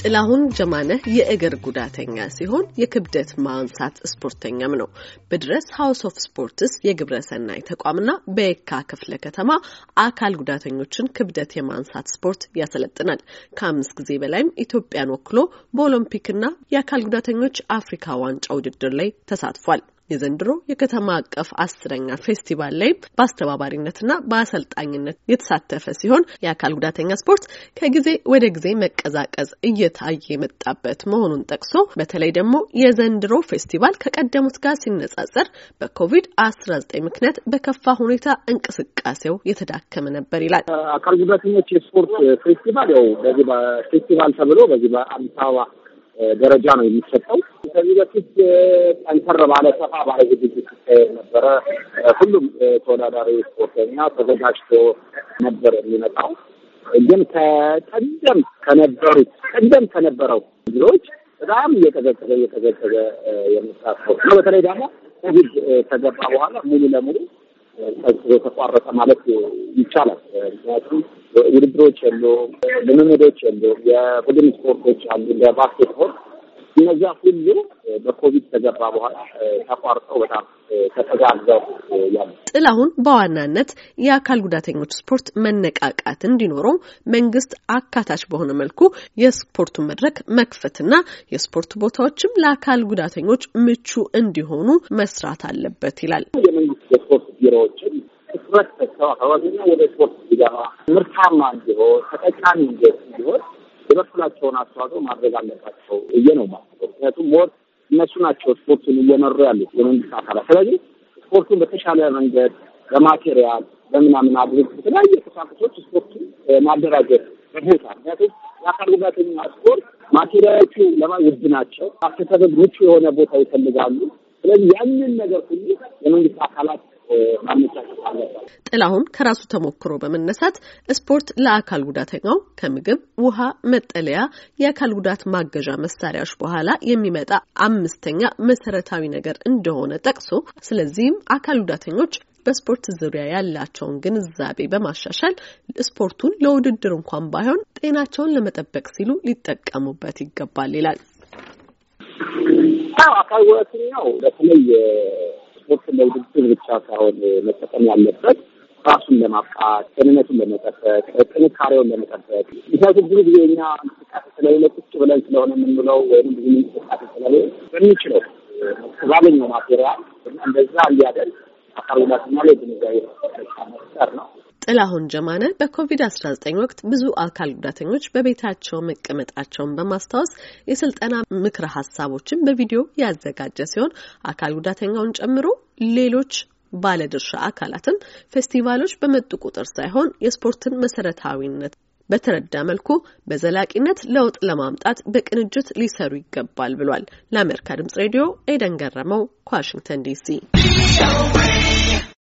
ጥላሁን ጀማነህ የእግር ጉዳተኛ ሲሆን የክብደት ማንሳት ስፖርተኛም ነው። በድረስ ሀውስ ኦፍ ስፖርትስ የግብረ ሰናይ ተቋምና በየካ ክፍለ ከተማ አካል ጉዳተኞችን ክብደት የማንሳት ስፖርት ያሰለጥናል። ከአምስት ጊዜ በላይም ኢትዮጵያን ወክሎ በኦሎምፒክና የአካል ጉዳተኞች አፍሪካ ዋንጫ ውድድር ላይ ተሳትፏል። የዘንድሮ የከተማ አቀፍ አስረኛ ፌስቲቫል ላይ በአስተባባሪነትና በአሰልጣኝነት የተሳተፈ ሲሆን የአካል ጉዳተኛ ስፖርት ከጊዜ ወደ ጊዜ መቀዛቀዝ እየታየ የመጣበት መሆኑን ጠቅሶ በተለይ ደግሞ የዘንድሮ ፌስቲቫል ከቀደሙት ጋር ሲነጻጸር በኮቪድ አስራ ዘጠኝ ምክንያት በከፋ ሁኔታ እንቅስቃሴው የተዳከመ ነበር ይላል። አካል ጉዳተኞች የስፖርት ፌስቲቫል ያው በዚህ በፌስቲቫል ተብሎ በዚህ በአዲስ አበባ ደረጃ ነው የሚሰጠው። ከዚህ በፊት ጠንከር ባለ ሰፋ ባለ ዝግጅት ሲካሄድ ነበረ። ሁሉም ተወዳዳሪ ስፖርተኛ ተዘጋጅቶ ነበር የሚመጣው። ግን ከቀደም ከነበሩት ቀደም ከነበረው ግሮች በጣም እየቀዘቀዘ እየቀዘቀዘ የመጣ ስፖርት ነው። በተለይ ደግሞ ኮቪድ ከገባ በኋላ ሙሉ ለሙሉ ቀዝቅዞ ተቋረጠ ማለት ይቻላል። ምክንያቱም ውድድሮች የሉ፣ ልምምዶች የሉ። የቡድን ስፖርቶች አሉ እንደ ባስኬትቦል እነዚያ ሁሉ በኮቪድ ተገባ በኋላ ተቋርጠው በጣም ተተጋዘው ያሉ ጥላሁን በዋናነት የአካል ጉዳተኞች ስፖርት መነቃቃት እንዲኖረው መንግስት አካታች በሆነ መልኩ የስፖርቱ መድረክ መክፈትና የስፖርት ቦታዎችም ለአካል ጉዳተኞች ምቹ እንዲሆኑ መስራት አለበት ይላል። የመንግስት የስፖርት ቢሮዎችም ትኩረት ሰጥተው አካባቢና ወደ ስፖርት ሲገባ ምርታማ እንዲሆን ተጠቃሚ እንዲሆን የበኩላቸውን አስተዋጽኦ ማድረግ አለባቸው እየ ነው። ምክንያቱም ሞር እነሱ ናቸው ስፖርቱን እየመሩ ያሉት የመንግስት አካላት። ስለዚህ ስፖርቱን በተሻለ መንገድ በማቴሪያል በምናምን አድርግ የተለያዩ ቁሳቁሶች ስፖርቱን ማደራጀት በቦታ ምክንያቱም የአካል ጉዳተኛ ስፖርት ማቴሪያሎቹ ለማ ውድ ናቸው። አስተሳሰብ ምቹ የሆነ ቦታ ይፈልጋሉ። ስለዚህ ያንን ነገር ሁሉ የመንግስት አካላት ጥላሁን ከራሱ ተሞክሮ በመነሳት ስፖርት ለአካል ጉዳተኛው ከምግብ፣ ውሃ፣ መጠለያ፣ የአካል ጉዳት ማገዣ መሳሪያዎች በኋላ የሚመጣ አምስተኛ መሰረታዊ ነገር እንደሆነ ጠቅሶ ስለዚህም አካል ጉዳተኞች በስፖርት ዙሪያ ያላቸውን ግንዛቤ በማሻሻል ስፖርቱን ለውድድር እንኳን ባይሆን ጤናቸውን ለመጠበቅ ሲሉ ሊጠቀሙበት ይገባል ይላል። አካል ጉዳተኛው በተለይ ስፖርት ለውድድር ብቻ ሳይሆን መጠቀም ያለበት ራሱን ለማብቃት፣ ጤንነቱን ለመጠበቅ፣ ጥንካሬውን ለመጠበቅ። ምክንያቱም ብዙ ጊዜ እኛ እንቅስቃሴ ስለሌለ ቁጭ ብለን ስለሆነ የምንውለው ወይም ብዙ እንቅስቃሴ ስለሌለ በሚችለው ባገኘው ማቴሪያል እንደዛ እንዲያደርግ አካባቢላትና ላይ ግንዛቤ መፍጠር ነው። ጥላሁን ጀማነ በኮቪድ-19 ወቅት ብዙ አካል ጉዳተኞች በቤታቸው መቀመጣቸውን በማስታወስ የስልጠና ምክረ ሀሳቦችን በቪዲዮ ያዘጋጀ ሲሆን አካል ጉዳተኛውን ጨምሮ ሌሎች ባለድርሻ አካላትም ፌስቲቫሎች በመጡ ቁጥር ሳይሆን የስፖርትን መሰረታዊነት በተረዳ መልኩ በዘላቂነት ለውጥ ለማምጣት በቅንጅት ሊሰሩ ይገባል ብሏል። ለአሜሪካ ድምጽ ሬዲዮ ኤደን ገረመው ከዋሽንግተን ዲሲ